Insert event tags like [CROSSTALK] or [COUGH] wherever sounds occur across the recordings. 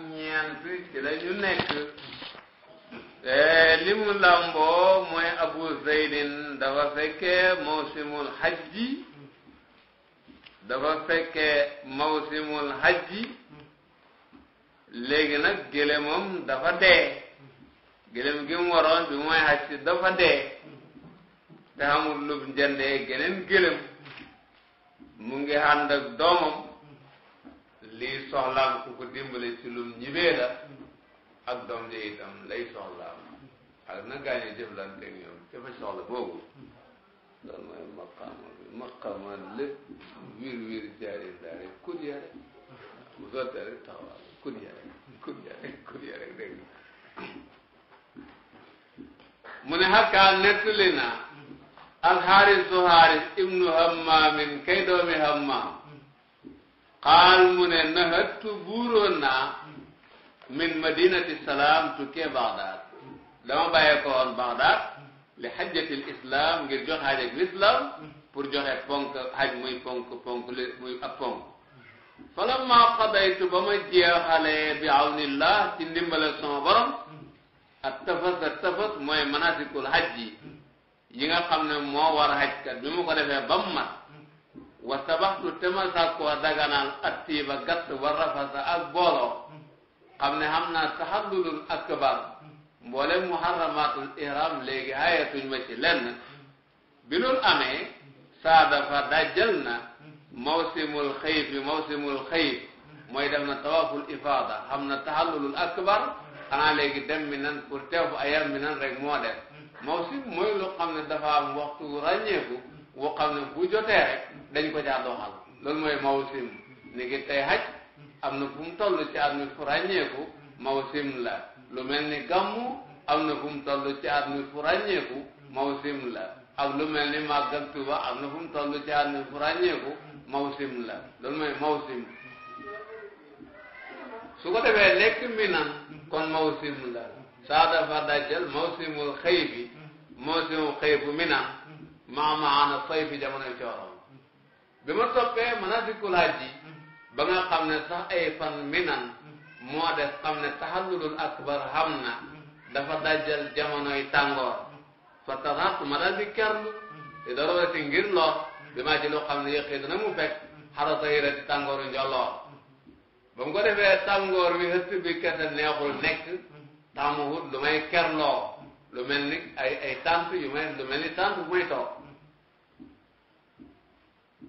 ñeent ci la ñu nekk li mu lamboo mooy abu zeydin dafa fekkee mawsimul hajji dafa fekkee mawsimul hajji léegi nag gélémam dafa dee géléem gi mu waroon mooy hajji dafa dee te amul lu jëndee geneen géléem mu ngi ànd ak lii soxlaam ku ko dimbale ci lum ñibee la ak doom ji itam lay soxlaam ak na gaa ñi jëflante ak soxla boobu loolu mooy maqaama bi maqaama lépp wiir wiir jaari daari kut bu sottee rek taxawaal kut ya rek kut ya rek kut ya rek dégg mu ne xakkaa nettali naa alxaaris su xaaris ibnu hammaamin kay doomi hammaam xaal mu ne nahattu buuroon naa min madinati salaam tukkee Bagdad dama bàyyee ko woon Bagdad li xajjatil islam ngir joxe xaj ak l'islam pour joxe ponk xaj muy ponk ponk li muy ab ponk falamma qadaytu ba ma jeexalee bi awnillah ci ndimbale sama borom ak tafas ak tafas mooy manasikul xaj yi yi nga xam ne moo war a xajkat bi mu ko defee ba mu mat wa tabaxtu tema sàkkoo daganal attiiba gàtt wa rafasa ak booloo xam ne xam naa taxallulul akbar mboolem muharramatul ihram léegi hayatuñ ma ci lenn bi loolu amee saadafa dajjal na mawsimul xëyf bi mawsimul xëyf mooy def na tawaful ifaada xam na taxallulul akbar xanaa léegi dem mi nan pour teew fa ayam mi nan rek moo def lu xam ne dafa am waxtu ràññeeku woo xam ne bu jotee rek dañ ko caa doxal loolu mooy mawsim ni ngi tey haj am na fu mu toll ci at mi fu la lu mel ni gàmmu am na fu mu toll ci at mi fu ràññeeku mawsim la ak lu mel ni màggal Tuuba am na fu mu toll ci at mi fu ràññeeku mawsim la loolu mooy mawsim su ko defee lekk mi nan kon mawsim la saa dafa dajal xëy bi mawsimul xëy bu mi maamaana fay fi jamonoy coorom bi ma toppee manasikul hajj yi ba nga xam ne sa ay fan minan moo def xam ne tahallulul akbar xam na dafa dajjal jamonoy tàngoor fa tasax ma daal di kerlu te daroo si ngir lor bi maa ci loo xam ne yëqee dana mu fekk xarata yi di tàngooru njolloor ba mu ko defee tàngoor wi hëtt bi kese neexul nekk taamu wut lu may lu mel ni ay ay tànt yu may lu mel ni tànt bu may toog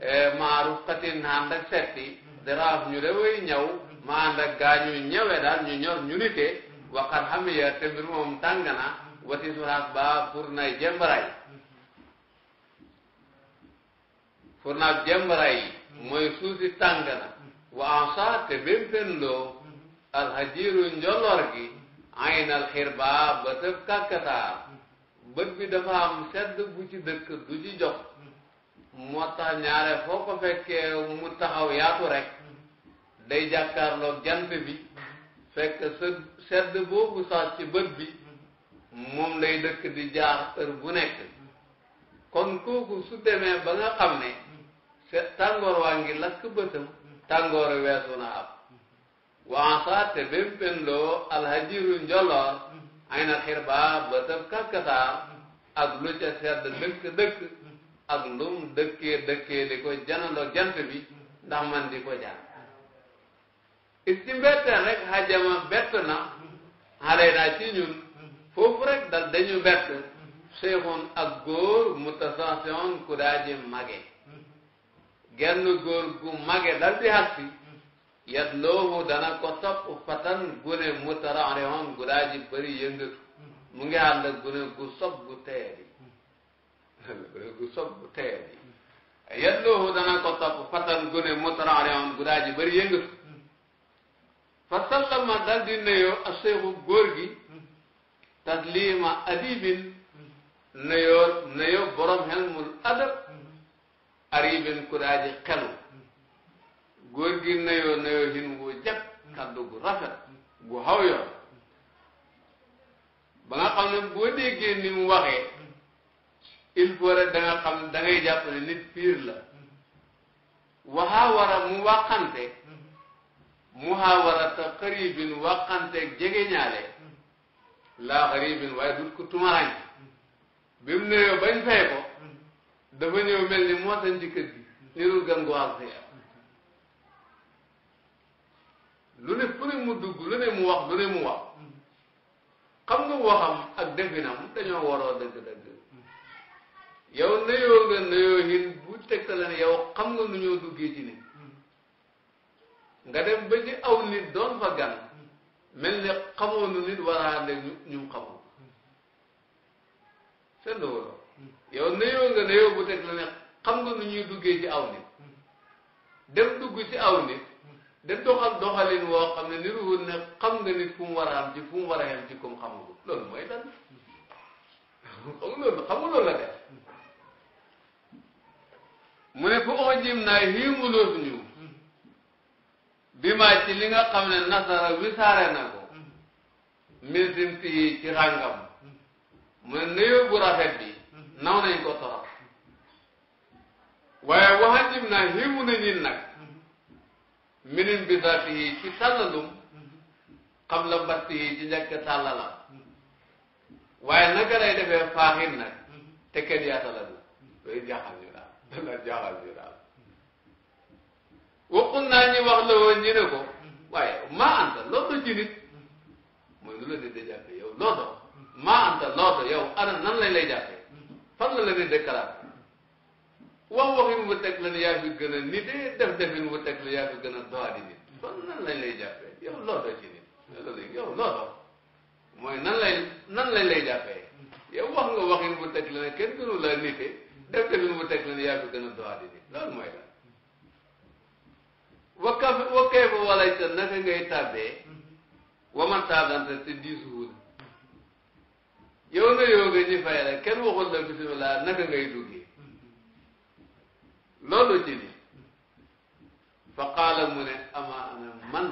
E, maaru xatin ànd ak setti daraaf ñu de way ñëw ma ànd ak daal ñu ñor ñu nite waxat xamiya te moom tàng na wati suraas ba furnay jembaray furnaab jembaray mooy suusi tàng na wa ansa te bempen loo alhajiru njolor gi aynal xirba ba tëb kàkkataar bët bi dafa am sedd bu ci dëkk du ci jox moo tax ñaare foo ko fekkee mu taxaw yaatu rek day jàkkaarloog jant bi fekk sedd boobu sax ci bët bi moom lay dëkk di jaar bu nekk kon kooku su demee ba nga xam ne se tàngoor waa ngi lakk bëtam tàngoor weesu na ab waasa te bém penloo alhajiru njoloor ay na xir baa bëtam kakkataa ak lu ca sedd dëkk dëkk ak lu mu dëkkee dëkkee li ko janandoo jant bi ndax man di ko jaar it ci mbetteel rek xajama bett na xale naa ci ñun foofu rek dal dañu bett seexoon ak góor mutasansion ku daa ji mage genn góor gu mage dal di hagsi yat loohu dana ko topp fatan gune mutaranrihon gu daa ji bëri yëngatu mu ngi ànd ak gune gu sob gu teeri tamit ku ne ku sopp ku teye bi yalloohu dana ko topp fatan gune mutaraarion gudaa ji bëri yëngatu fa sallama dal di nuyoo aseexu góor gi taslima adibin nuyoo nuyoo borom xelmul adab aribin gudaa ji xelu góor gi nuyoo nuyoo hin wu jag kaddu gu rafet gu xaw ba nga xam ne boo déggee ni mu waxee il faut rek xam da jàpp ne nit piir la waxaa war mu waxante mu xaa war a ta xaribin waxanteeg jege ñaale laa xaribin waaye dut ko tumaañ bi mu néew bañ fay ko dafa ñëw mel ni moo sañ ci gi nirul gan gu ak si lu ne fu ne mu dugg lu ne mu wax lu ne mu wax xam nga waxam ak definam dañoo waroo dëgg-dëgg yow nuyoo nga nuyoo hin bu tegtale ne yow xam nga nu ñoo duggee ci nit hmm. nga dem ba ci aw nit doon fa gan mel ne xamoonu nit war a ñu ñu xamoo seen loolu hmm. yow nuyoo nga nuyoo xam nga nu ñuy duggee ci aw nit hmm. dem dugg ci aw nit da doxal doxalin woo xam ne niruwul ne xam nga nit fu mu war a am ci fu war a yem ci comme xamu loolu mooy lan xam loolu xam loolu la def mu ne fa on jim naa hiimulóof ñu bi maa ci li nga xam ne nasara wisaare na ko min simtihi ci ràngam mu ne nuyoo bu rafet bi naw nañ ko torop waaye waxan jim naa hiimu nañu nag minin bi zaatihi ci tàllalum xam la battihi ci njëkk tàllalam waaye naka lay defee faaxin nag te kenn yaatala du loolu jaaxal ñu dana jaaxal ñu daal waxul naa ñi wax la woon ñu ne ko waaye maa anta loo do ci nit mooy nu la nit di jàppe yow loo do anta loo do ana nan lañ lay jàppe fan la la nit di kalaat wax waxin bu teg la ne yaa fi gën a nitee def defin bu teg la yaa fi gën a doxadi nit fan nan lañ lay jàppe yow loo do ci nit loolu yow mooy nan lay nan lañ lay jàppe yow wax nga waxin bu teg la ne kenn gënu laa nitee dëkk bi mu teg la ni yaa ko gën a doxaat yi loolu mooy la wakka wakkee ba wala sa naka ngay tàbbee waman taadante te diisu wut yow nga yow nga ñu fay la kenn waxul la bisimilah naka ngay duggee loolu ci ni fa qaala mu ne ama ana man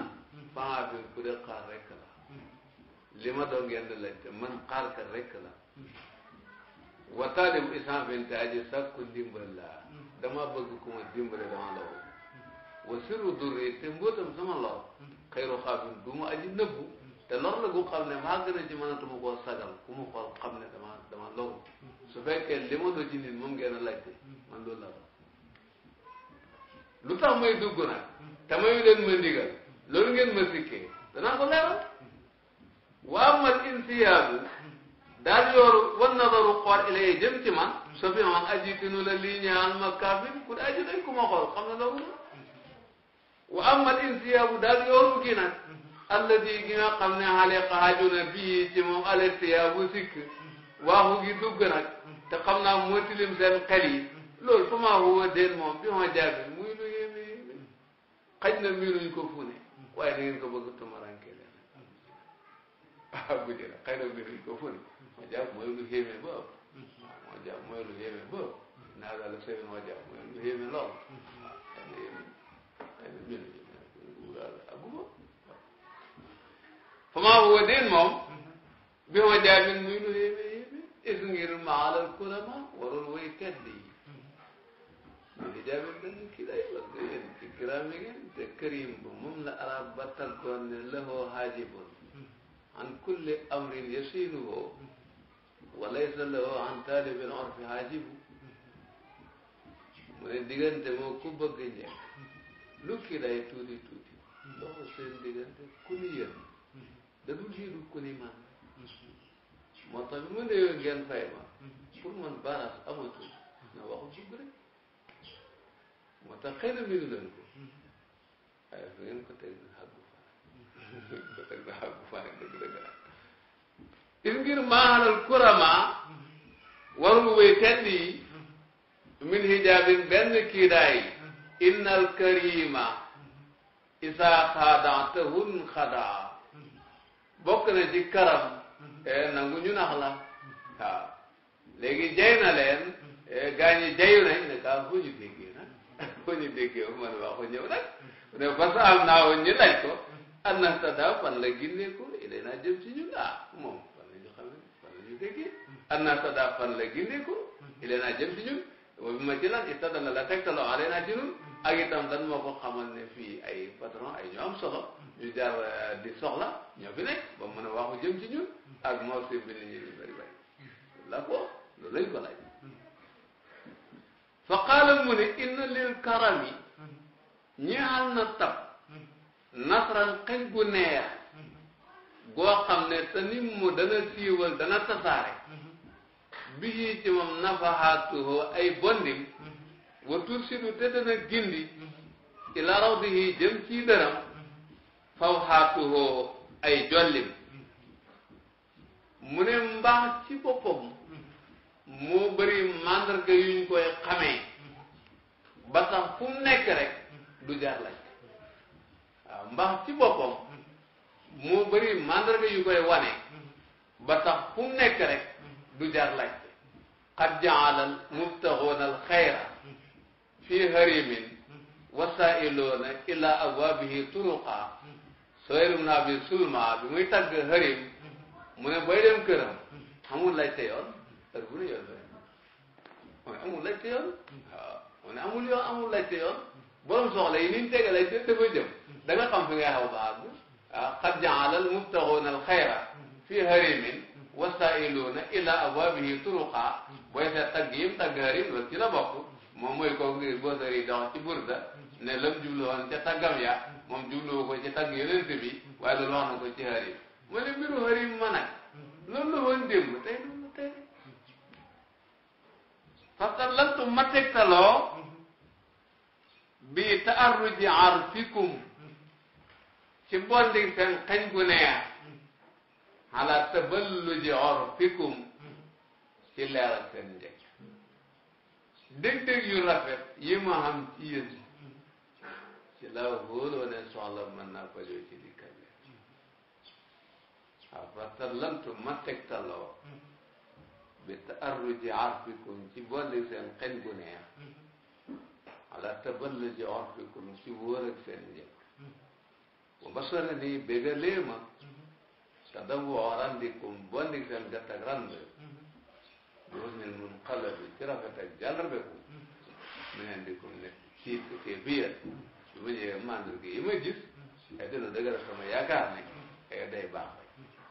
faafil ku de xaar rekk la li ma doon ngeen laajte man xaar ka rekk la wa taalim isam binte aji sàkku ndimbal laa dama bëgg ku ma dimbale dama loru wa sirru durri te mbóotam sama lor xayru xaafin du ma aji nëbbu te lor la gu xam ne maa gën a ci mënatuma koo sagal ku mu xool xam ne dama dama loru su fekkee li ma doo ci nit moom ngeen a laajte man loolu la lu tax may dugg nag te mayu leen ma ndigal loolu ngeen ma sikkee danaa ko leeral waa mal insiyaabu daal yooru wan nazaru xool ilay jëm ci man so fi man aji tinu la lii ñaan ma kaafin ku aji dañ ku ma xool xam na loolu la wa amal insiyaabu daal yooru gi nag alladi gi nga xam ne xale xaaju na bii ci moom alisiyaabu sikk waaxu gi dugg nag te xam naa moo tilim seen xel yi loolu fa maa huwa déen moom bi ma jaabi muy lu yéeme yéeme xaj na miinuñ ko fu ne waaye da ngeen ko bëgg tumaranke leen ah [LAUGHS] guddi la xëy na miinuñ ko fu ne mojaab mooy lu xéeme ba ëpp mojaab mooy lu xéeme ba ëpp naa daal sëy mojaab mooy lu xéeme lool famaa huwa déet moom hmm. bi mojaabin muy lu xéeme xéeme is ngir maalal kulama warul way tedd yi ñu hmm. hijaabin benn kii lay wax ne yéen ci kiraam yi ngeen te karim ba moom la arab ba taggoon ne lahoo haajibun hmm. an kulli amrin yasiluhu walaysa lahu an taalibin orfi haajibu mu ne diggante moo ku bëgg njëkk lu tuuti tuuti dox seen diggante ku ni yéen da ni man moo tax mu ne yow ngeen fay ma pour man baaraas amatul na waxu dugg rek moo tax xëy leen ko waaye fi ngeen ko teg na xàggu faale ko teg na xàggu faale dëgg dëgg la gis ngir maalal kurama warul way tedd yi min hijaabin benn kiidaay innal karima isa xaadaatahun xadaa bokk na ci karam e, nangu ñu nax la waaw léegi na leen e, gaa ñi jayu nañ ne kaa foo ñu déggee nag [LAUGHS] foo ñu déggee man waxu ñëw nag ne ba saal naa woon ñu laaj ko an nahtada fan la gindee ko ilayna jëm ci ñun ah dégg adnaa tadaafan la gindeeku ilee naa jëm si ñun wa ma ci lan istadalla la tegtaloo alee naa ci ñun ak lan moo ko xamal ne fii ay patron ay ñu solo ñu jar euh, di soxla ñoo fi nekk ba mën a waxu jëm ci ñun ak moo si bi nit ñi di la ko loolu lañ ko laaj fa qaala mu ne inna lil karami ñaal na tab nasran goo xam ne te ni mu dana siiwal dana tasaare mm-hmm. bi yi ci moom nafahaatuhu ay bondim mm-hmm. wa tursidu te dana gindi mm-hmm. ila rawdihi jëm ci dëram fawhaatuhu ay jollim mu ne mbaax ci boppam moo bëri mandarga yuñ koy xamee ba tax fu mu nekk rek du jaar waaw mbaax ci boppam moo bëri mandarga yu koy wane ba tax fu mu nekk rek du jar laajte qad jaala al mubtaxuuna al xayra fii harimin wasailoona ila abwabihi turuqa soyrum naa bi sulma bi muy mu ne booy dem yoon heure bu yoon mu ne yoon waaw mu ne amul yoon amul yoon borom soxla jëm da nga xam fi ngay xaw ba qad jaala almubtaxuuna alxayra fi harimin wasailuuna ila abwabihi turuqa booy seet tagg yim tagg harim loolu ci la bokk moom mooy kooku ngir bosari dox ci burda ne lam jublu woon ca taggam ya moom jubluwu ko ci tagg yonent bi waaye loolu wax na ko ci harim mu ne mbiru harim ma nag loolu la woon démb tey du mu tey parce que lantu ma tegtaloo bi taarruji arsikum ci mbonding seen xañ gu neex xalaat taballuji orfikum ci leeral seen njëkk dég-dég yu rafet yi ma xam ci yéen ci la wóoloo ne soxla mën naa ko joo ci dikkal leen waaw parce que lantu ma tegtaloo bi taarruji arfikum ci mbonding seen xañ gu neex xalaat taballuji orfikum ci wóor ak seen njëkk wa basarani bégalee ma sa dam warandikum bondik seen gàtt ak rand bi husnil munqalabi ci rafet ak jàllarbeku minendikum ne ci kéfiya bi ma ñëwee mandir gi yi ma gis ay dina dëgëral sama yaakaar ne ay day baax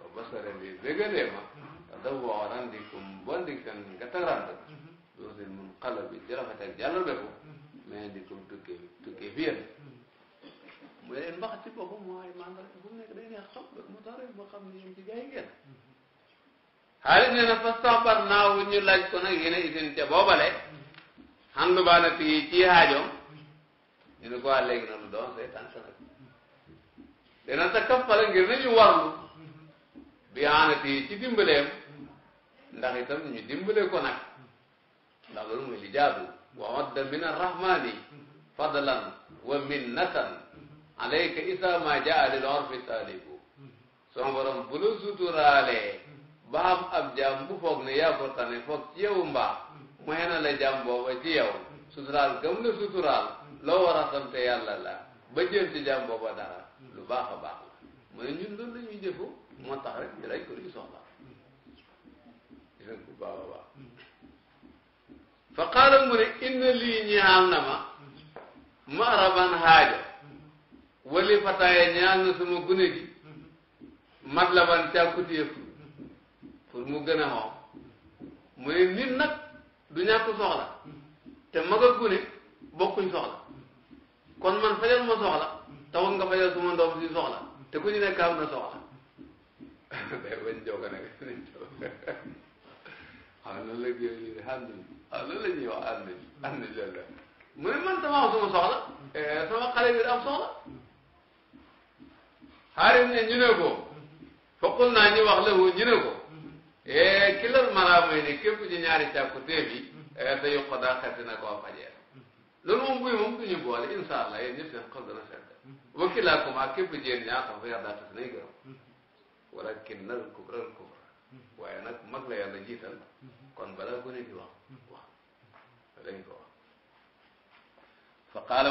wa basarani bégalee ma sa dam warandikum bondik seen gàtt ak rand bi husnil munqalabi ci rafet ak jàllarbeku minendikum tukkee tukkee fiyan bu dee mbax ci boppam mooy màndar bu nekk day neex xam rek mu tax rek ma xam ne yéen ci gaa yi ngeen xaalis ne na fa sabar naawu ñu laaj ko nag yéen a isin ca boobale xandu baa na fii ci xaajoom ñu ne ko waa léegi na lu doon say tànk nag dina sa kaffala ngir nañu warlu bi xaana fii ci dimbaleem ndax itam ñu dimbale ko nag ndax loolu mooy li jaadu wa wadda min arrahmani fadlan wa minnatan alayka isa ma jaa lil orfi taalibu sama borom bu la suturaalee ba am bu foog ne yaa ko tane foog ci mbaa mu xena la jaam booba suturaal gam la suturaal loo war a sante yàlla la ba jël ci dara lu baax a baax mu ne ñun loolu la ñuy jëfu moo tax rek ñu rek ko luy soxla bu baax mu ne inna lii ñi am na ma ma haajo wali fataaya ñaal na suma gune gi mat la ban càkkutéef pour mu gën a xoox mu ne nit nag du ñàkk soxla te mag a gune bokkuñ soxla kon man fajal ma soxla taxul nga fajal suma ndoom si soxla te ku ne nekk [LAUGHS] [LAUGHS] am na soxla day bañ jooka nag nañ jooka waaw loolu la gé ñu ànd waaw loolu la ñuy wax ànd ànd loolu mu ne man sama suma soxla eh, sama xale bi am soxla xaarim ne ñu ne ko fokkul naa ñu wax la wu ñu ne ko e ki lal malaa may ne képp ci ñaari càkku téef yi te mm-hmm. eh, yokko daa xet dina koo fajee mm-hmm. loolu moom buy moom duñu boole incha allah yéen ñëpp seen xol dana sedd wakilaakum ak képp ci yéen ñaar ah, sax fa yàlla tas nay gërëm walakin nal kubra al kubra waaye nag mag la yàlla jiital kon balaa gone di wax wax lañ ko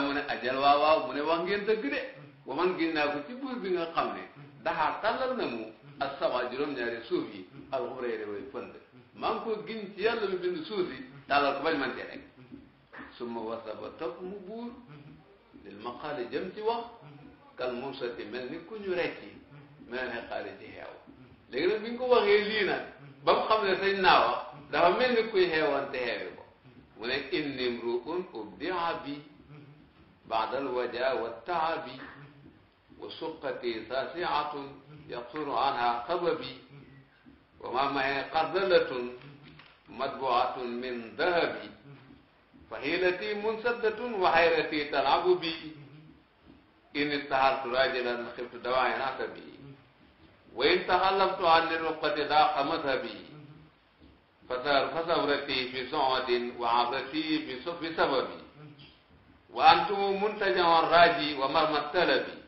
mu ne ajal waaw waaw mu ne wax ngeen dëgg de wa man ginnaaw ko ci buur bi nga xam ne daxaar tàllal na mu ak sabaa juróom-ñaari suuf yi alxurayre way pënd maa ko gi ci yàlla lu bind suuf yi tàllal bañ man cee rek ma wasa ba topp mu buur lil maqaali jëm ci wax kal moom sotti mel ni ku ñu rekki mel ne xaali ci xeew léegi nag bi ñu ko waxee lii nag ba mu xam ne sañ naa wax dafa mel ni kuy xeewante xeewi ko mu ne inni mruun ubdia bi baadal waja wa taabi wa suqati saasiatun yaqsuru anha xababi wa ma maye qardalatun matbuatun min dahabi fa hiilati munsaddatun wa hayrati talabu bi in ittahaltu rajulan xiftu dawaain akabi wa in tahallabtu an liruqati laaqa madhabi fasabrati fi soodin wa abrati fi sababi wa antumu muntajaon raji wa marmat talabi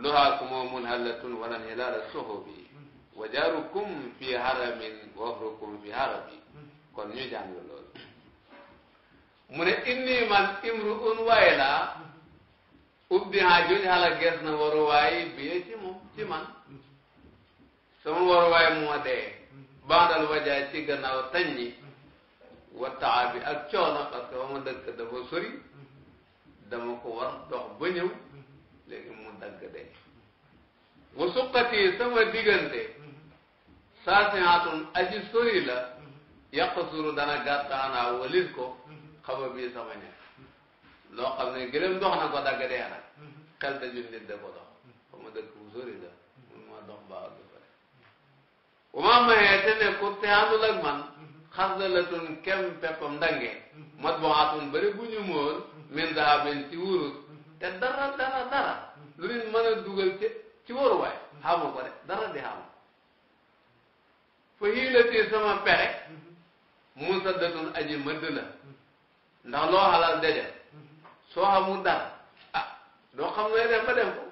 luhaakumu munhallatun wa lan hilaala suhubi wa fi haramin wa fi harabi kon ñu jàng loolu mu ne inni man imru'un waay laa ubbi ha juñ hala gees na waruwaay biye ci moom ci man sama waruwaay moo dee bandal wajaay ci gannaaw taññi wa taabi ak coono parce que ba ma dëkk dafa sori dama ko war dox ba léegi mu dagg de wa suqati sama diggante saasiatun aji sori la yaqsuru dana gàttaanaa walit ko xaba bii sama ñax loo xam ne gëlëm dox na ko dagg dee nag xel daju nit da ko ma dëkk bu sori mun ma dox ba àgg fa bu ma mayee te ne ku te àndul ak man xas la tun kem peppam ndange mat bon atun bëri bu ñu móor min dahabin ci wurus te dara dara lu nit mën a dugal ci ci waruwaay xamu ko de dara di xamu fa hiilati sama pexe Moussa Datoune aji mëdd la ndax loo xalal de def soo xamul dara ah doo xam looy def ba dem ko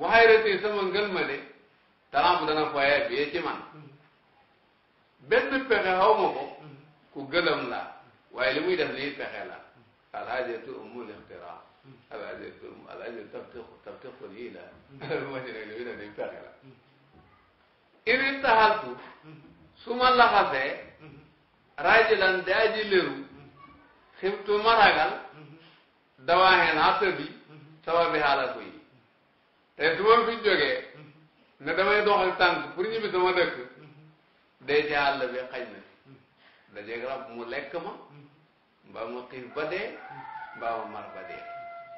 waxay rëti ma de talent bu dana foyee bi man benn pexe xaw ma ko ku gëlëm la waaye li muy def nii pexe la alhaajatu umul ixtiraa alaaji alaaji tabtiqu tabtiqul yii la machine ak li mu ne nii pexe la iri taxaltu su ma laxasee rajulan di aji léru xibtu maragal dawaaxeen xatta bi sawa bi xaalaku yi te su ma fi jógee ne damay doxal tànk pour ñibbi sama dëkk dee ci àll bi xaj na dajeeg rab mu lekk ma mbaa ma xiif ba ma mar ba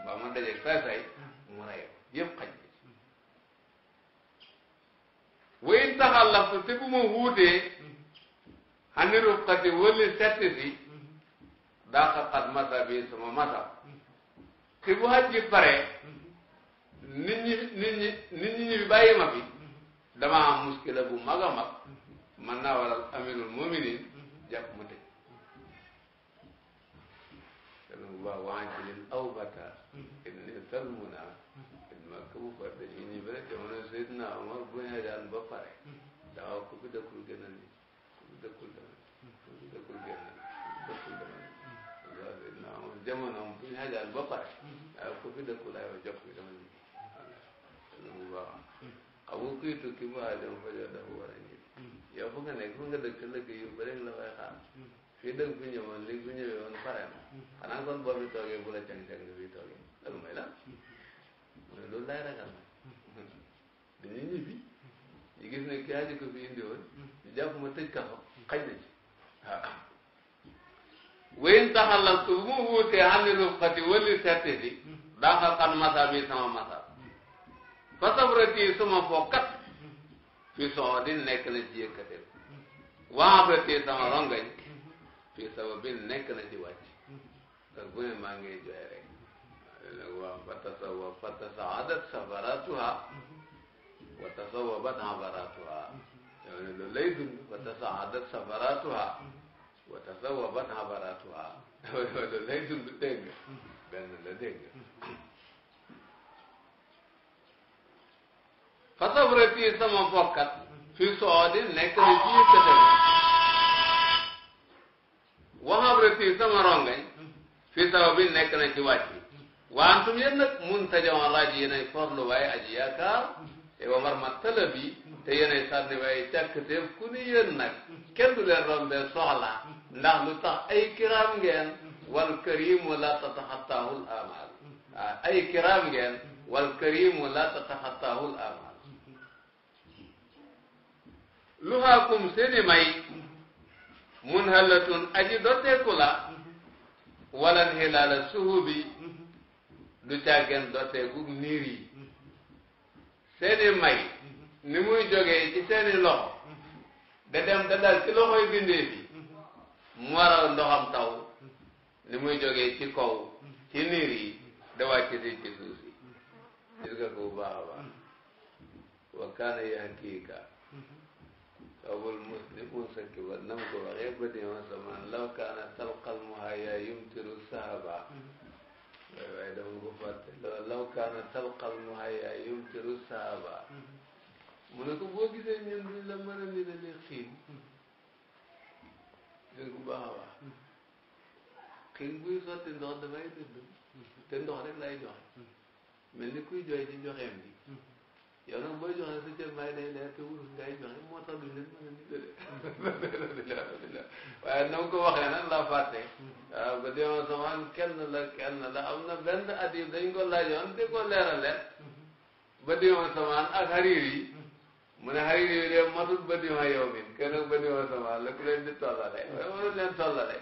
mbaa ma dajeeg saay-saay mu rey yëpp xaj bi wayn te bu ma wuutee xani rufqati wëli sett si daqaqat masa bi sama masa te bu xaj bi pare nit ñi nit ñi nit ñi ñu bàyyi ma fi dama am muskila bu mag a mag man naa waral aminul muminin jàpp ma tëj ten bu baax waan ci leen tal mu naa Makka bu farde si ñi bëri jamono Seydina Omar bu ñu ajaan ba pare daaw ku fi dëkkul gënal ni ku fi dëkkul demal ku fi dëkkul gënal ku fi dëkkul demal waaw Seydina Omar jamono bu ñu ajaan ba pare daaw ku fi dëkkul ay wa jox bi dama ñibbi lu mu baax xam nga kuy tukki bu ajam fa jox dafa war a ñibbi yow fu nga nekk fu nga dëkk lëkk yu bëri la fay xaar fii dëkk bu ñëwoon léegi bu ñëwee woon pare na xanaa kon boo fi toogee bu la càng-càng bi toogee loolu mooy lan mu ne loolu laay ñibbi ñu gis ne kaa ji ko fi indi woon ñu jàpp ma tëj kaso xaj na ci waaw wayn taxalal tu bu mu wuutee xam ne lu xati wëli sette di daaxal xan masa bi sama masa fa sabrati suma fokkat fi soo di nekk na ci yëkkatil waabrati sama rongañ fi sababin nekk na ci wàcc te maa ngi joxe fatasaadat safaratuha wa tasawabat habaratuha ne loolu lay dund wa tasaadat safaratuha wa tasawabat habaratuha loolu lay dund dégg nga benn la dégg fa sabrati sama bokkat fi soodi nekk na ci yëkkate wa sabrati sama rongañ fi sababi nekk na ci wàcc waantum yéen nag muntajawoon laaj yéenay forlu waaye aji yaakaar hmm. te wamar ma tala bi te yéenay sànni waaye càkkteef ku ni yéen nag kenn du leen rombee soxla ndax lu tax ay kiraam ngeen wal karimu la tataxattaahu l amal ay ah, kiraam ngeen wal karimu la tataxattaahu l amal luhaakum seeni may munhalatun aji dotteeku la wala hilaala suhubi du càggeen dooteeku niir yi seeni may ni muy jógee ci seeni loxo da dem da dal ci loxoy bindee bi mu waral ndoxam taw ni muy jógee ci kaw ci niir yi da wàcc si ci suuf si gis ko baax a baax wa kaana yahkiika awul muslimun sakiba nam ko waxee ba deema samaan law kaana talqal muhaya yumtiru sahaba waaye waaye dama ko fàtte loolu law kaana talqal muhayya yumtiru saaba mu ne ko boo gisee ñun duñ la mën a mirale xiin dégg bu baax a baax xiin buy sotti ndox dafay dëdd te ndox rek lay joxe mel ni kuy jooy ci joxeem bi yow nag booy joxe sa cër bàyyi day leer te wurus ngay joxe moo tax duñ leen mën a dimbale alhamdulilah alhamdulilah waaye ko waxee nag laa fàtte waaw ba demoon samaan kenn la kenn am na benn adib dañ ko laajoon di ko leeral leer ba demoon samaan ak xariir yi mu ne yi de matul ba demoon yow min kenn nag ba demoon samaan la ku leen di tollale waaye warul leen tollale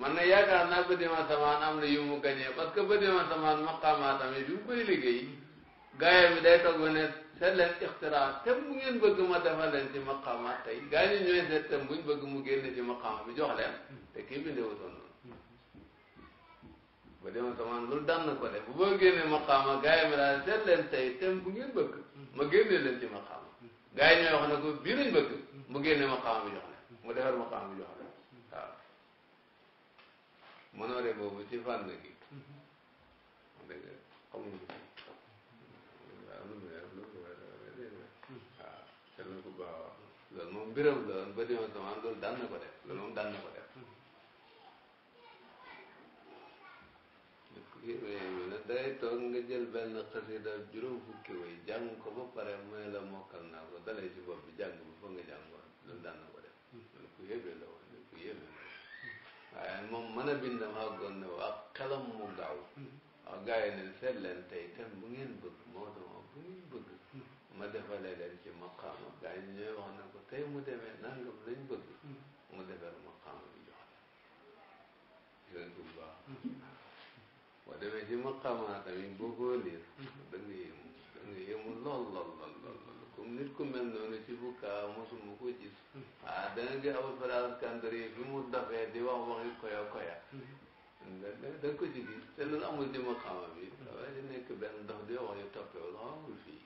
man na yaakaar naa ba demoon samaan am na yu mu gañee parce que ba demoon samaan maqaamaatam yi du bëri gaaya bi day toog ba ne seet leen ixtira te mu ngeen bëgg ma defal leen ci maqaama tey gaa ñi ñooy seet tam buñ bëgg mu génn ci maqaama bi jox te kii bi ndewutoon noonu ba demoon samaan loolu daan na ko def bu boo génne maqaama gaaya bi daal seet tey tam bu ngeen bëgg ma génne leen ci maqaama gaa yi ñooy wax ne ko bii lañ bëgg mu génne maqaama bi jox mu defar maqaama bi jox leen waaw mënoore boobu ci fànn gi mm-hmm. dëgg xamuñ ko loolu moom mbiram la woon ba dimanche sama loolu daan na ko def loolu moom daan na ko def. da ngay toog nga jël benn xasida juróom fukki way jàng ko ba pare may la mokkal naa ko dalee ci bopp bi jàng bi fa nga jàng ko loolu daan na ko def. loolu ku yéeme la woon loolu ku yéeme la woon waaye moom mën a bind maa góor ne waa xelam mu gaaw. waaw gars yi ne seet leen tey thème bu ngeen bëgg moo tax bu ngeen bëgg. ma defale leen ci maqaama gaañ ñooy wax ne ko tey mu demee nangam lañ bëgg mu defal maqaama bi jox la yéen bu baax boo demee ci maqaama tamit boo ko liir da nga yéemu da nga yéemu lool lool lool lool comme noonu ci bu kaa mosuma ko gis ah da abul faraas kandari bi mu dafee di wax waxi koya koya da ko ci gis te loolu amul ci maqaama bi dafay di nekk benn dox di wax yu toppewul xamul fii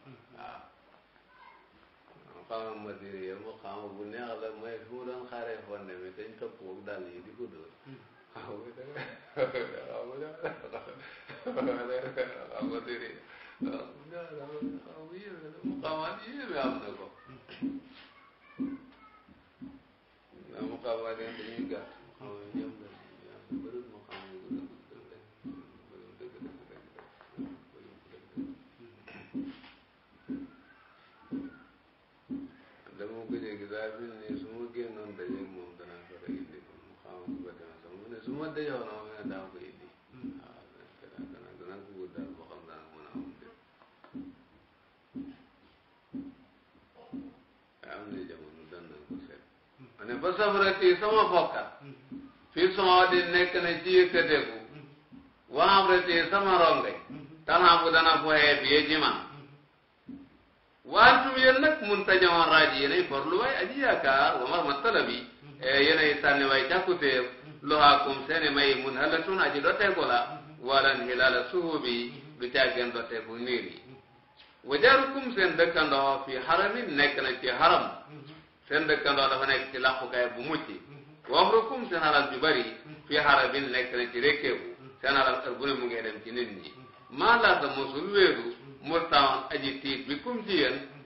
maqaama madiriya maqaama bu neex la mooy fi mu doon xaaree fonde mi dañ topp ak dàll yi di ko dóor waaw maqaamaat yéeme am na ko maqaamaat yi dañuy gàtt wa safrati sama bokkat fii sama di nekk na ci yëkkateeku wa amrati sama ronge tanaa bu dana foxee biye ci man waatum yéen nag mun tajamoon raaj yéenay forlu aji yaakaar wa ma talabi yéenay sànni waay càkkutéef loxaakum seeni may mun halatun aji dotteeku la walan hilaala suhubi du càggeen dotteeku niir yi wajarukum seen fi xaramin nekk na ci seen dëkkandoo dafa nekk ci làqukaay bu mucc wamrukum seen alal ju bari fii harabin nekk na ci rekkeebu seen mu ngi dem ci nit ñi maa laata mosul aji tiit bi kum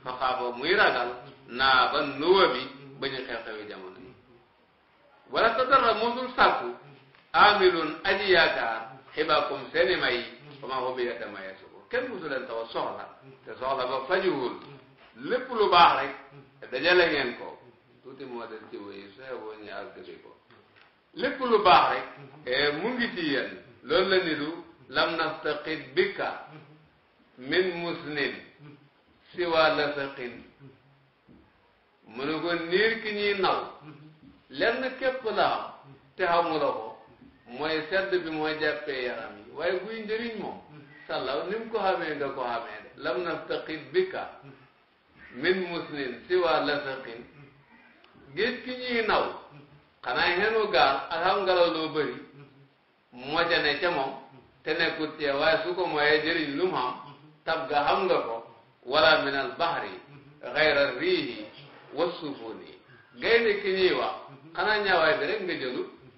fa xaafoo muy ragal naa ba nuwa bi ba ñu xew-xewi jamono yi wala ta dara mosul sàkku amilun aji yaakaar xibaakum seeni may fa maa ko biyata maye su kenn mosu leen taw soxla te ba fajuwul lépp lu baax rek dajale ngeen tuuti moo des ci wéy soo boo ñu ko lépp lu baax rek eh, mu ngi ci yéen loolu la nidu lam nastaqid bika min musnin siwa lasaqin mu ne ko niir ki ñuy naw lenn képp la am te xamula ko mooy sedd bi mooy jàppee yaram yi waaye guy njëriñ moom sallaw ni mu ko xamee nga ko xamee de lam nastaqid bika min musnin siwa lasaqin géej gi ñuy naw xanaa xenu gaal ak xam ngelaw loo bëri moo ca ne ca moom waaye su ko mooyee jëriñ tab ga xam nga ko wala min al bahri xayra wa sufuni gaynde ki ñuy wax xanaa ñaawaay bi rek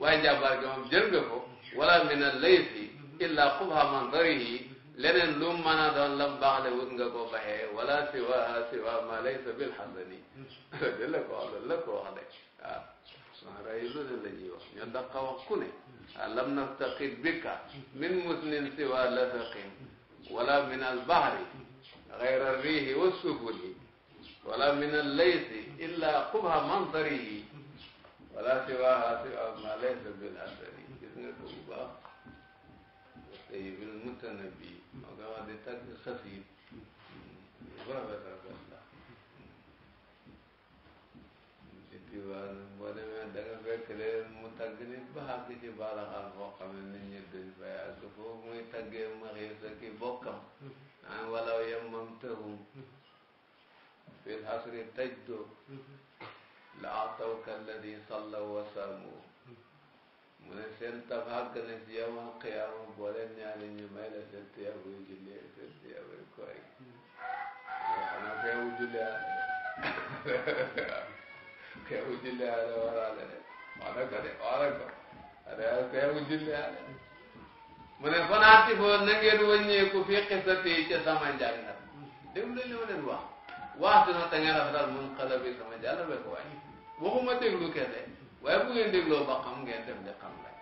waaye njàmbaar gi moom jël nga ko wala min al laysi illa mandarihi leneen lu mën a doon lam baaxle wut nga ko baxee wala siwa siwa ma laysa bil xasani [LAUGHS] loolu la ko wax loolu la ko wax de waaw soxna yi lu ne la ñuy wax ñoo daq a wax ku ne lam nastaqid bika min muslin siwa lasaqim wala min al bahri gayra rihi wa subuli wala min al laysi illa qubha mantarihi wala siwa siwa ma laysa bil xasani gis nga ko bu baax tey bil mutanabi moo ko wax di tagg xasiid bu rafet rafet la ci diwaan boo demee da nga fekk leen mu tagg nit ba àgg ci baalaxal boo xam ne nit ñi duñ fay àgg foofu muy taggee maxiis ak i bokkam naan walaw yemmam tëhum fil hasri taj doo la atawka alladi sallaw wa saamu mu ne seen tab xàgg na ci yawmal qiyaama boole ñaari ñu may la seen tiyaabu yu yu koor yi xanaa xeewu julli a xeewu julli a la waraale de wax na ko de wax na ko ada xeewu julli a de mu ne fanaati foo na ngeen wàññeeku fi xisati yi ca sama njàngat déglu li ma leen wax waxtu na te ngeen rafetal mun xala bi sama jàll be ko wàññi waaye bu ngeen ba xam ngeen def di xam rek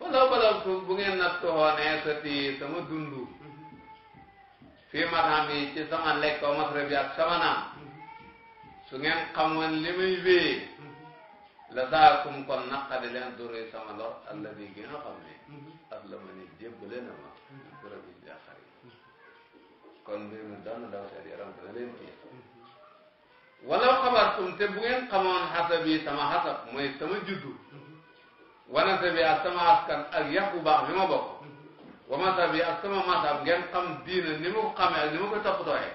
wala balal suuf bu ngeen nag toxoonee sa ti sama dundu fii matam yi ci sama lekk wa masrab yi ak sama naan su ngeen xamoon li muy wéyee la saakum kon naqadi leen duree sama lor allah bi gi nga xam ne ak la ma ne jébbale na ma bërëb yi jaaxar yi kon mbir mi daan na daw seen kii walaw xabartum te bu ngeen xamoon xasab yi sama xasab mooy sama juddu wanasa bi ak sama askan ak yàq bu baax bi ma bokk wa masab yi ak sama masab ngeen xam diina ni ma ko xamee ak ni ma ko toppatooyee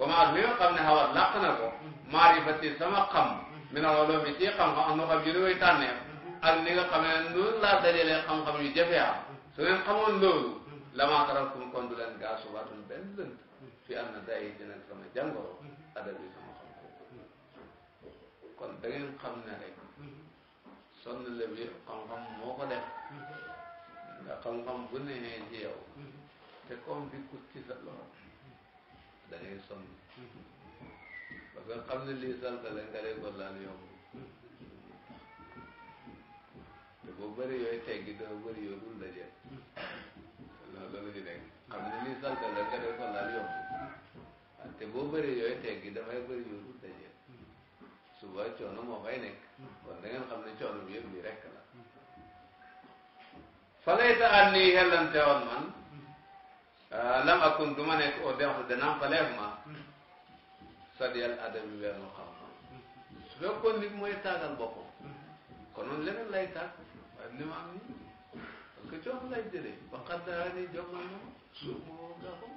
wa maa li nga xam ne xawat làq na ko maarifati sama xam mi na looloo mi ci xam-xam ak nu xam yi ni koy tànnee ak ni nga xamee noonu laa dajalee xam-xam yu jafe am su ngeen xamoon loolu lamaa taraktum kon du kon da ngeen xam ne rek sonn la bi xam-xam moo ko def ndax xam-xam bu neexee ci yow te comme bi kut ci sa loxo da ngay parce que xam ne lii saltale nga dee te bu bëri yoo dul daje loolu la ñu nekk te boo bëri yooyu teggi dafay bëri yoo dul daje suba coono moo fay nekk hmm. kon da ngeen xam ne coono bi yëpp nii fa layta an nii xellante woon man hmm. lam akun du ma nekk au def danaam faleef ma hmm. sadiyal adami weenu xam-xam su fekkoon nit mooy tàggal boppam konoon leneen lay tàgg waaye ni ma am nii parce que coono lay jëlee ba xaddaa na ma suuf ma woo gàppam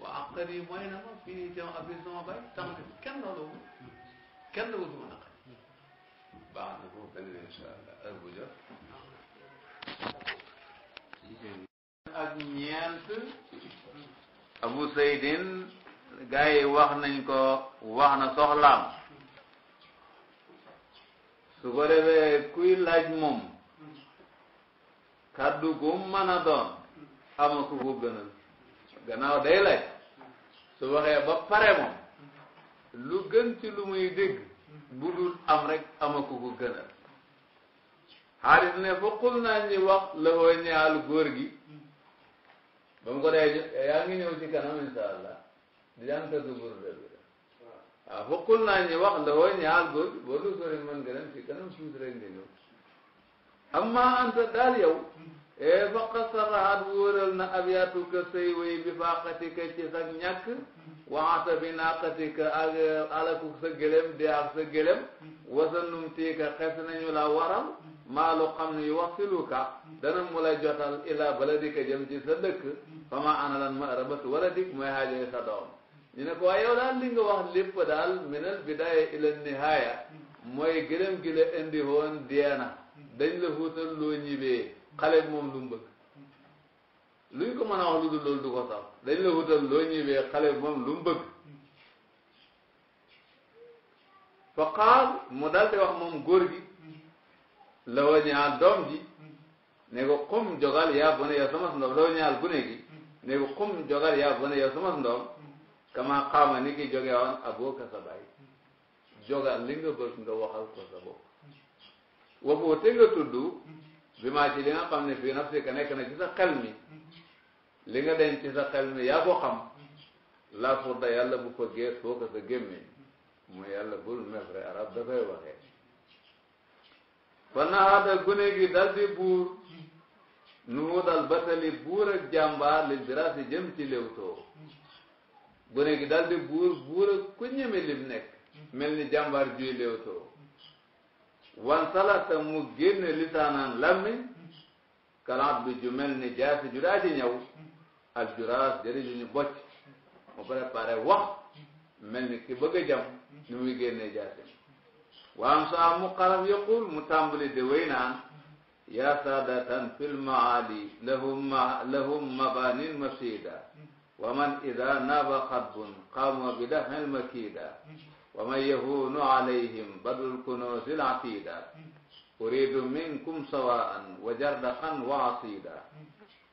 waa aqar yi na ma fii nii teew abi bay tax kenn loolu kenn du ak ñeent abu saydin gars wax nañ ko wax na soxlaam su ko defee kuy laaj moom kàddu gu mën a doon ama ku ko gënal gannaaw day laaj su waxee ba pare moom lu gën ci lu muy dégg bu dul am rek amako ko gënal xaalis ne fa xul naa ñi wax la woo ñaal góor gi ba mu ko dee eh, yaa ngi ñëw ci kanam insha allah di daan tëdd burda bi waaw fa xul naa ñi wax la woo ñaal góor gi boo dul sori mën nga dem ci kanam suut rek di ñëw amma anta daal yow e eh, fa qasarahat wóoral na abiyaatuka say way bi faqatika ci sa ñàkk waxata bi naqatika ak alakuk sa gëlëm di ak sa gëlëm wasa numtiika xes nañu la waral maalu xam ne yuwasiluka dana mu la jotal ila baladika jëm ci sa dëkk fama ana lan ma arabat wala dik mooy haajoy sa doom ñu ne ko waaye daal li nga wax lépp daal minal bidaya ila nihaya mooy gëlëm gi la indi woon deena dañ la huutal loo ñibee xale bi moom lu mu bëgg luñ ko mën a wax lu dul loolu du ko sax dañ la wutal loo ñëwee xale bi moom lu mu bëgg fa wax moom góor gi la wa doom ji ne ko xum jogal yaa bone yow sama ndoom la wa gune gi ne ko jogal yaa bone yow sama ndoom kama xaama ni ki joge woon abooka sa baay jogal li nga bëgg nga waxal ko sa bopp waxoo te nga tudd bi maa ci li nga xam ne fii nafsika nekk na ci sa xel mi li nga den ci sa xel mi yaa ko xam laa furda yàlla bu ko gees foo ko sa gémmiñ mooy yàlla bul mefre arab dafay waxee fa nahaada gune gi dal di buur nu mu batali buur ak li biraasi jëm ci léwtoo dal di buur buur ku ñeme lim nekk mel ni jàmbaar juy léwtoo wan salata mu génne lisaanan lammiñ kalaat bi ju mel ni jaasi ju daa ji ñëw ak juraas jëri ju ñu bocc mu préparé wax mel ni ki bëgg a jam ni muy génne jaasi waam saa mu xaram yaqul mu tàmbali de wéy naan saadatan fil maali mabanin masida wa man ida naaba xatbun xaama bi dafel makiida wa man yahunu alayhim badul kunuuzil atiida uridu minkum sawaan wa jardaxan wa asiida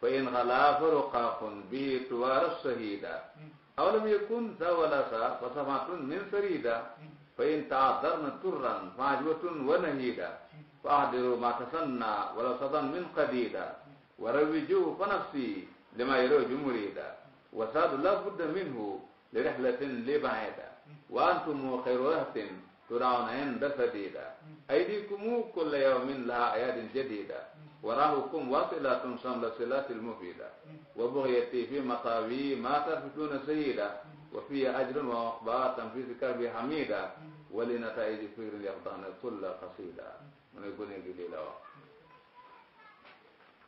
fa in xalaa fa ruqaaqun bihi tuwaara sahiida aw lam yakun za walasa fa samatun min sarida fa in taadarna turran fa ajwatun wa nahida fa ahdiru ma tasanna wala sadan min qadida wa rawiju fa nafsi lima yaruju murida wa saadu la budda minhu li rihlatin li baida wa antumu xayru ahtin turawna inda sadida aydikum kulla yawmin laha ayadin jadida warahukum wasilatun samla silatil mufida wa bugyati fi matawi ma tarfiduna sayida wa fiya ajrun wa oqbatan fi sikarbi hamida wali nataiji fikrin yafdana kulla qasida mu ne gone gi lii la wax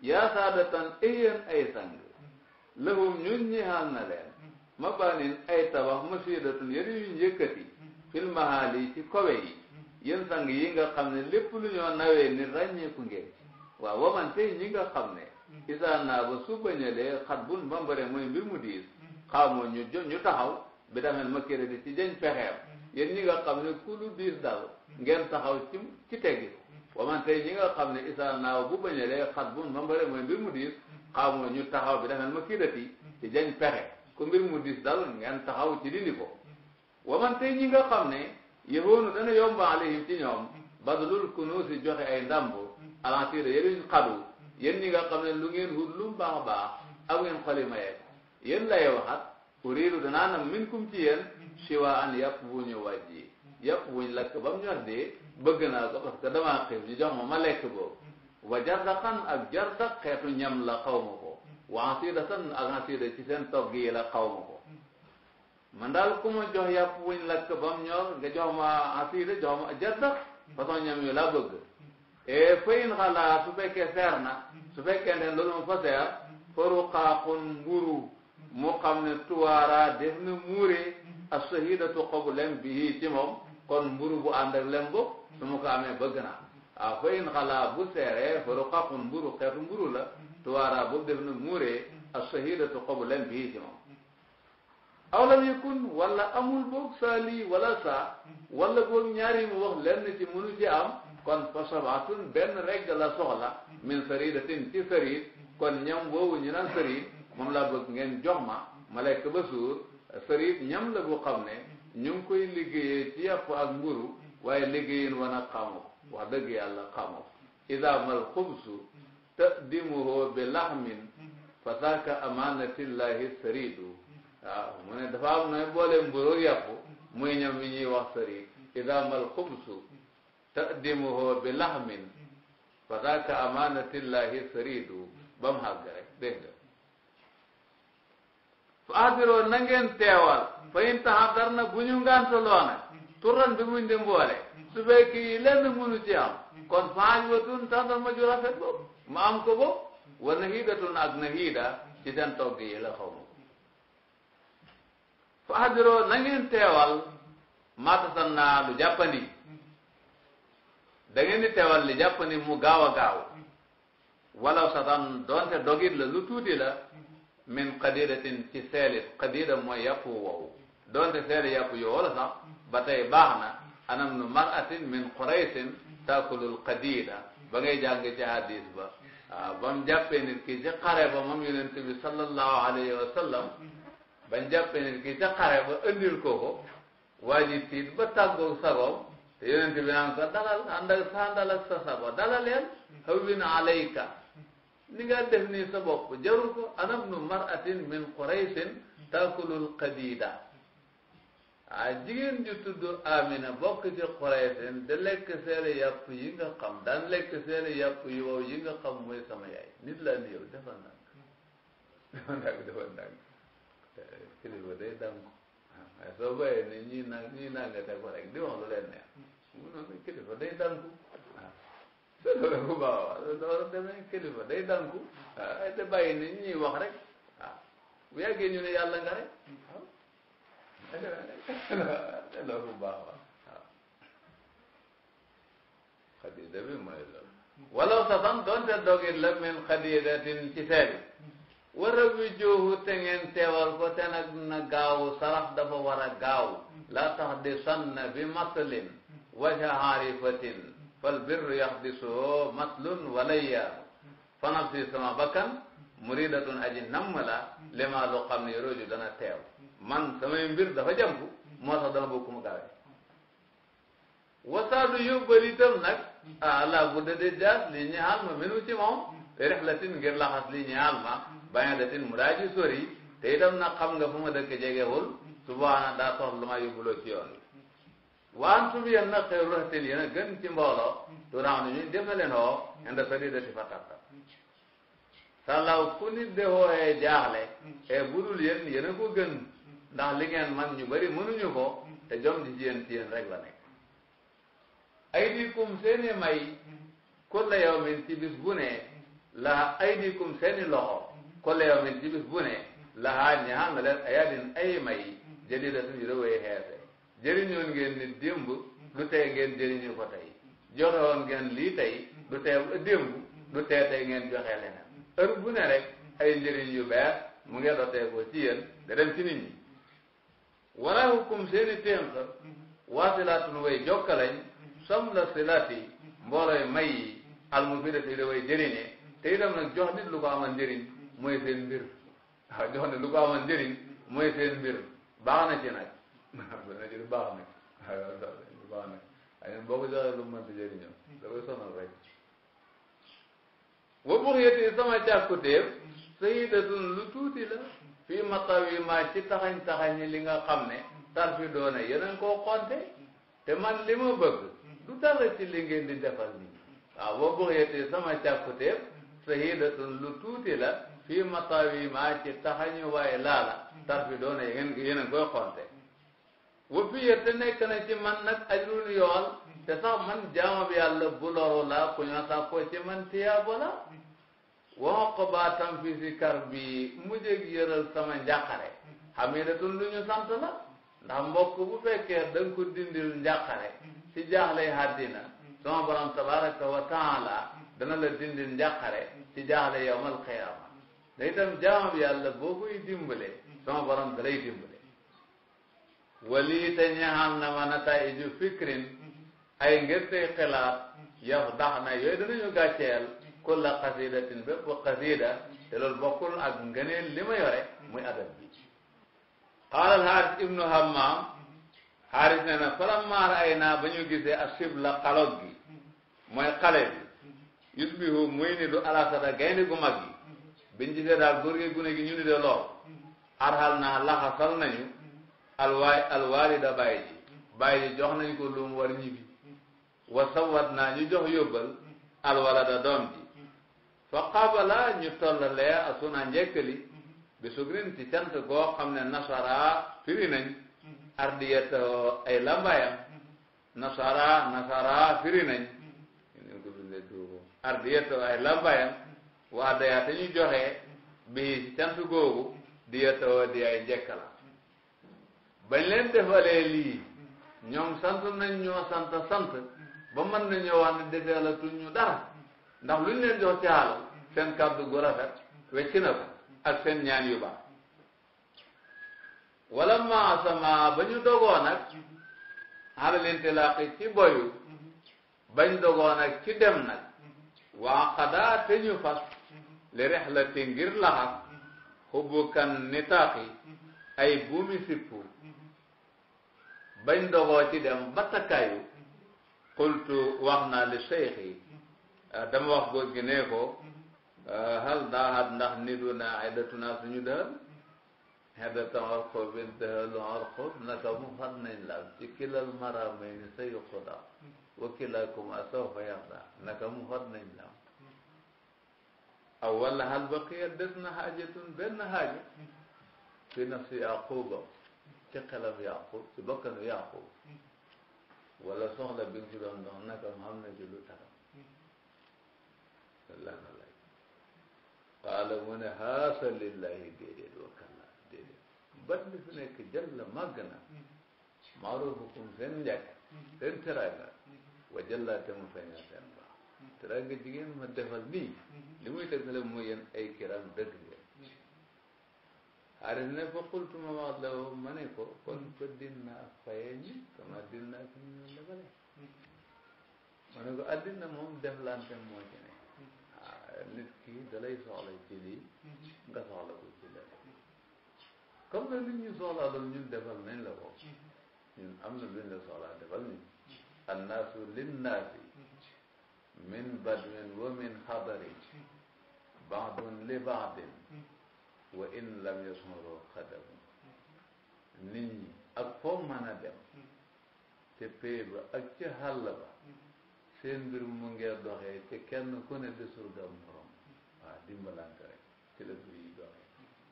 yaa saadatan ay yéen ay sang lahum ñun ñi xaal na leen mabaanin ay tabax masidatun yéen yu yëkkati fil mahaali ci kowe yi yéen sang yi nga xam ne lépp lu ñoo nawee ni ràññeeku ngeen waaw waman tey ñi nga xam ne isaa naa ba su bañalee xat bun mbambare mooy mbir mu diir xamoo ñu jo ñu taxaw bi tamit ma kéré di ci jañ pexeem yéen ñi nga xam ne ku lu diis daal ngeen taxaw ci ci teggi waman yi ñi nga xam ne isaa naa bu bañalee xat bun mbambare mooy mbir mu diis xaamo ñu taxaw bi tamit ma kéré di ci jañ pexe ku mbir mu dis dal ngeen taxaw ci dindi ko waman tey ñi nga xam ne yëfoonu dana yomba alayhim ci ñoom badlul kunuusi joxe ay ndàmb alantiira yéen xadu yéen ñi nga xam ne lu ngeen hut lu baax baax ak ngeen xoli mayee ko yéen lay waxat uriidu danaa nam minkum ci yéen siwa an yàpp wuñu wàjji yàpp wuñ lakk ba mu ñor dee bëgg naa ko parce que damaa xiif ñu jox ma ma lekk boobu wa jardaqan ak jardaq xeetu ñam la xawma ko waa si da tan ak si ci seen togg yi la xaw ko man daal ku ma jox yàpp wuñ lakk bam ñor nga jox ma asida jox ma jadda façon ñam yu laa bëgg e fayin xalaa su fekkee seer na su fekkee ne loolu ma fa seer faru xaaxun mburu mu xam ne tuwaara def na muuree asahidatu xobu lem bii ci moom kon mburu bu ànd ak lem bopp su ma ko amee bëgg naa waaw fayin xalaa bu seeree faru xaaxun mburu xeetu mburu la tuwaaraa bu mu def nag muuree as-shahidatu qablan bii ci moom aw lam yakun wala amul boog saa lii wala saa wala boog ñaari mu wax lenn ci mënu ci am kon fa sabaatun benn rek la soxla min saridatin ci sarid kon ñam boobu ñu naan sarid moom laa bëgg ngeen jox ma ma lekk ba suur sarid ñam la bu xam ne ñu ngi koy liggéeyee ci yàpp ak mburu waaye liggéeyin wan a xamu wax dëgg yàlla xamu mal xubsu taqdimuhu bi lahmin fa zaaka amanatillahi saridu waaw mu ne dafa am nooy boole mburu yàpp muy ñam mi ñuy wax sarid ida mal xubsu taqdimuhu bi lahmin fa zaaka amanatillahi saridu ba mu xàgg rek dégg nga fa adiroo na ngeen teewal fa in taxa na bu ñu ngàntaloo nag turan bi muñ di mboole su fekkee lenn mënu ci am kon faaj watun tàndal ma ju rafet boobu ma am ko bopp wa nahidatun ak nahida ci seen togg yi la fa hadiroo na ngeen teewal maatasan naa lu jàppandi da ngeen di teewal li jàppandi mu gaaw a gaaw wala satan doonte dogit la lu tuuti la min qadidatin ci seelit qadida mooy yàppu wow doonte seeli yàpp yoo la sax ba tey baax na anam nu maratin min quraysin taakulul qadida ba ngay jàng ci hadis ba waaw ah, ba mu jàppee nit ki ci ba moom yonent bi sallallahu alayhi wa sallam bañ jàppee nit ki ca xare ba indil ko ko waa ji tiit ba bi naan dalal ànd ak sa àndal ak sa sabo dalaleel hawwin ni nga def nii sa bopp jaru ko anabnu maratin min quraysin taakulu lqadida ah jigéen ju tudd Amina bokk ci Quraysin da lekk seeni yàpp yi nga xam daan lekk seeni yàpp yi wow yi nga xam mooy sama yaay nit laa ni yow dafa ndànk dafa ndànk dafa ndànk kilifa day dànku mais soo bàyyee ni ñii nang ñii rek di wax lu leen neex mu noonu kilifa day dànku so loolu ku baax wax loolu kilifa day dànku ay te bàyyi ni ñuy wax rek ah bu yàggee ñu ne yàlla nga rek loolu baax waaw xadida bi mooy loolu walaw saxan doonte dogit la min xadidatin ci seeri wara bi joohu te ngeen teewal ko te nag na gaawu sarax dafa war a gaaw laa tax di sanna bi maslin waja harifatin fal birru yax di soo maslun walayya fanaf si sama bakkan muridatun aji namm la lima lu xam ne roju dana teew man samay mbir dafa jàmbu moo tax dama bokkuma gawe wasaadu yóbbal itam nag ah la bu dee jaas lii ñu àll ma minu ci moom rexlatin ngir laxas lii ñu àll ma bañ datin mu daa sori te itam nag xam nga fu ma dëkk jegewul subaana daa soxla lu ma yóbbuloo ci yoon wi waantum yéen nag xëy roxatin yéen a gën ci mbooloo turam ni ñuy def leen oo inda sori da ti fa tàkka salaw ku nit de hooyee jaaxle e budul yéen yéen a ko gën ndax li ngeen man ñu bari mënuñu ko te jom ji jiyéen ci yéen rek la nekk ay dikum seeni may kulla yawmin ci bis bu la ay dikum seeni loxo kulla yawmin ci bis bu ne la haa ñaxal na leen ayadin ay may jëli da suñu rëwee xeese jëriñoon ngeen ni démb lu tey ngeen jëriñu ko tey joxe woon ngeen lii tey du tey démb du tey tey ngeen joxe leneen heure bu rek ay njëriñ yu bees mu ngi dootee ko ci yéen da ci nit ñi waraahukum seen i téem la waasilaatun way jokkalañ sam la silaati mboolooy may yi almufidati da way jëriñee te itam nag jox nit lu ko amal njëriñ mooy seen mbir waaw jox nit lu ko amal seen mbir baax na ci nag na ci baax na baax na ay boo ko joxee lu mën ti jëriñoo da koy sonal rek wa buxyati sama lu tuuti la fii maqawima ci taxañ taxañ li nga xam ne tar fi doone yeneen koo konte te man li ma bëgg du dara ci li ngeen di defal ni waaw boo buxyetee sama càkkuteef sahidatun lu tuuti la fii maqawima ci taxañu waaye laala tar fi doone yeneen yeneen koy konte fi te nekk na ci man nag ajrun yool te sax man jaamab yàlla bu loru laa ku ñoo sàkkoo ci man tiyaabo la wa oqbatam fi sikar bi mu jég yëral sama njàqare xamidatun lu ñu sant la ndax mbokk bu fekkee da nga ko dindil njàqare ci jaaxley àddina sama borom tabaraka wa taala dana la dindil njàqare ci jaaxle yawmal qiyaama da itam jaamam yàlla boo koy dimbale sama borom da lay dimbale walii te ñaxal na ma nataa'iju fikrin ay ngir tey xalaat yow dax na yooyu danañu gàcceel kulla xasidatin bépp xasida te bokkul ak ngëneel li yore muy adab bi qaala al haaris ibnu hammam haaris ne na falamma raayna ba ñu gisee asibla xalog gi mooy xale bi yusbihu muy góor gi gune gi ñu ni de lool arxal naa laxasal nañu alwaay alwaalida bàyyi ji bàyyi jox nañ ko lu mu war ñibbi wa naa ñu jox yóbbal alwalada doom ji fa qabala ñu tollalee asuna njëkkali bi sugrin ci cant goo xam ne nasara firi nañ ardiyat ay lambaayam nasara nasara firi nañ ardiyat ay lambaayam waa dayaa te ñu joxe bi ci cant googu diyat di ay njëkk bañ leen defalee lii ñoom sant nañ ñoo sant sant ba mën nañoo wax ne defee la dara ndax lu ñu leen jox ci xaalo seen rafet wecc na ko ak ñaan yu baax wala ma sama ba ñu dogoo nag xalal intilaaqi ci boyu bañ dogoo ci dem nag waa xadaa te ñu fas li rexlati ngir laxas xubbukan ay buumi sippu bañ dogoo ci dem ba qultu wax li cheikh yi Ah, dama wax góor gi nee ko mhm. ah, hal daaxat ndax nitu naa xeddatunaa suñu dëhër xeddatan orko bin dëhëlu orko naka mu far nañ la ci kilal maramay ni sa yuquda mhm. wa kilakuma sawfa yaxda naka mu far nañ la mhm. aw wala hal baqiya des na xaajatun benn xaaja fi nafsi yaquba ci xelam yaqub ci bakkanu yaqub wala soxla bi nga ci doon lana lay qaala mu ne haasa lillahi déedéet wakala déedéet bat li fi nekk jël la màgg na maarufukum seen njëkk seen teraanga wa jëllaa te mu feeñal seen baax teraanga jigéen ma defal nii li muy teg la mooy yéen ay kiram dëgg ngeen xaaris ne fa xultuma wax la ma ne ko kon ko dinnaa faye ñi kama dinnaa ko ñu la bale ma ne ko addina moom deflante moo ci ne nit ki dalay soxla ci lii mhm. nga soxla ko ci lële comme nag li ñuy soxlaa doon ñun defal nañ la ko mhm. ñun am na la soxlaa defal ñu mhm. annaasu linnaasi min badwin wa min xadarin baadun li baadin wa in lam yasmoro xadamu nit ñi ak foo mën dem te pay ba ak ca xàll seen mbir mu ngee doxee ci kenn ku ne di morom waaw ci la mbir yi doxee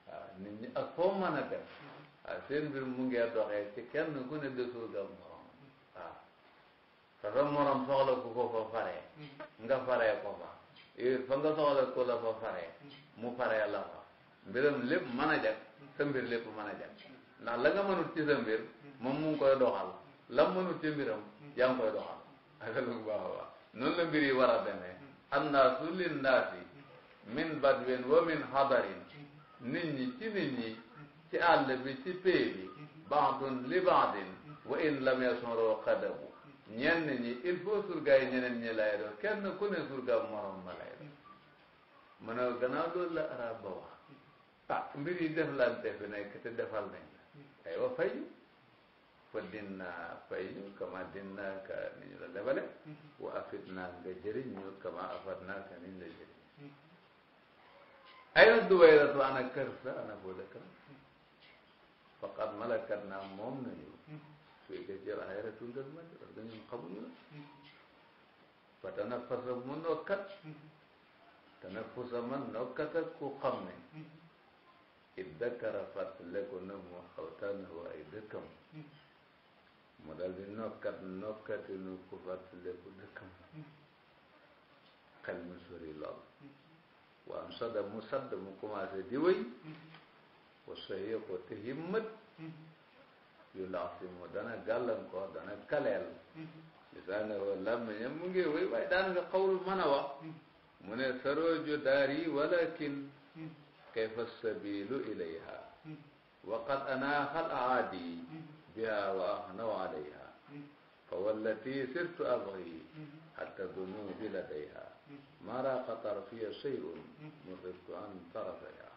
waaw nit ñi ak foo mën a def mbir mu ngee doxe ci kenn ku ne di morom waaw ko fa faree nga faree ko fa fa nga soxla ku la fa faree mu faree la fa mbiram lépp mën a jag sa mbir lépp mën a ndax la nga mënut ci sa mbir moom mu ngi koy doxal la mënut ci mbiram yaa ngi koy doxal rafetlu bu a baax noonu la mbir yi war a demee annaasu linnaasi min badwin wa min hadarin nit ci nit ci àll bi ci pay bi li baadin wa in lam yasunroo xadabu ñenn ñi il faut surgaay ñeneen ñi lay doon kenn ku ne surga morom ma lay doon ma ne gannaaw loolu la arab ba wax ah mbir yi def lante fi nekk te defal nañ la ay fa dinnaa fay ñu kama dinnaa ka ni ñu la lebale mhm. wa afit naa nga jëriñ ñu kama afat naa ka ni ñu la jëriñ mhm. ay na duway la tu ana kër sa ana boo dëkkam faqat malakat naa moom nañu suy mhm. ka jël ay ra tundal ma parce que ñun xamuñu la fa tanafasa mu nokkat tanafusa man nokkat ak ku xam ne it dakkara fàttale ko na mu xawtaan na waa ay dëkkam mu dal di nokkat nokkati nu ku fàttaliku dëkkam xel mu sori lool waaw sada mu sadd mu commencé di wëy ku soyee ko te himmat yu ndax si mu dana gàllankoor dana kaleel lisaane wa làmmiñam mu ngi wëy waaye daan nga xawul mën a wax mu ne sarooju daar yi walakin kayfa sabilu ilayha waqad anaaxal aadi biha wa ahnaw alayha fa wallati sirtu abghi hatta dunubi ladayha ma raqa tarfiya shay'un muhibtu an tarafiha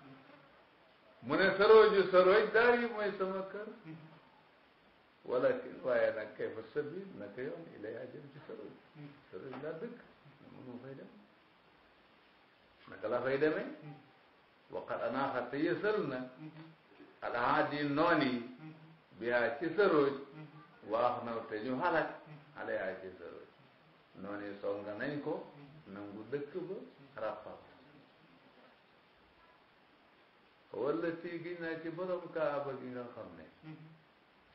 mu ne sarooju saroj daar yi mooy sama kër walakin waaye nag kayfa sabil naka yoon ilayha jëm ci saroj saroj laa dëkk mënu fay dem naka la fay demee waqad anaaxa te yësal na alhaadi noon yi biyaa ci sarooj waax naw te ñu xalak xale yaa ci sarooj noonu songa nañ ko nangu dëkk ba rappal wala tii giñ naa ci borom kaaba gi nga xam ne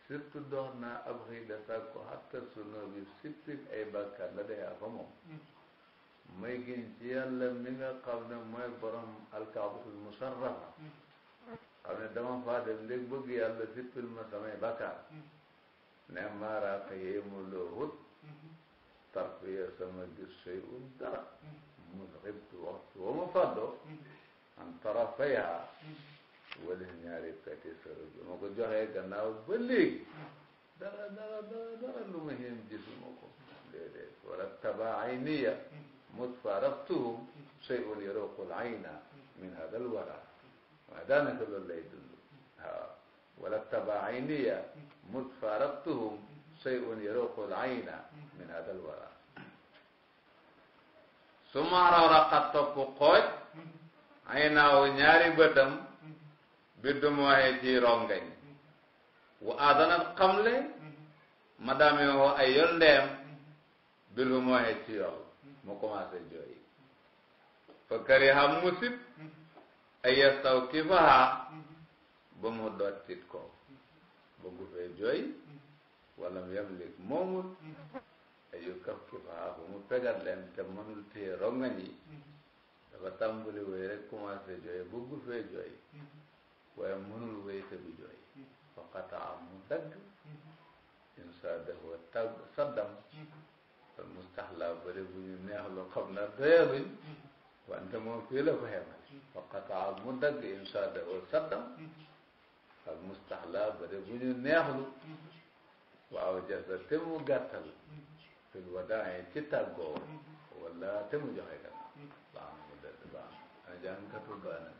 surtout dox naa ab xëy da sàkku xatta suno bi sittik ay e bàkkaar la dayaa fa mm-hmm. may giñ ci yàlla mi nga xam ne mooy borom alkaabatul musarrafa mm-hmm. xam ne dama faa dem léegi bëgg yàlla sippil ma samay bakkaar mm-hmm. ne maaraaq yéemu loo hut mm-hmm. tarfiya sama gis sey un dara mm-hmm. mun xibtu waxtu wa ma fàddoo an tarafaya wala ñaari peti soro bi ma ko joxee gannaaw ba léegi dara dara dara dara lu ma yéem gisuma ko déedéet wala taba ayniya mut faraftuhum sey un yaruqul ayna min hada al wara وهداني ko loolu lay dund waaw wala tabaayniya mut faaraqtuhum shay'un ayna min hadal wara suma rawraqa topp xooj aynaaw ñaari bëtam bi dumuwaxee ci rongañ wa adanal xamle ma daame woo ay ndeem bi lu ci yol mu commencé jooy fa kariha musib ay yastaw kifaha mm-hmm. ba mu dottit ko bëggu fee jooy mm-hmm. wala mu yamlik moomul mm-hmm. ayu kaf kifaha ba mu pegat leen te mënul téye rongañ yi dafa tàmbali wéy rek commencé jooy bëggu fee jooy waaye mënul wéy te du jooy faqataa mu dagg insaadahu tag saddam al mustaxla bëri bu ñu neex loo xam na doyaluñ wante moom fii la ko xemal waqataa mu dagg imsaadahu saddam al mustaxla ba de bu ñu neexlu waaw jasa te mu gàttal fil wadaayi ci tàggoo wala te mu joxe gannaaw baax na mu dëdd baax na jànkatu doone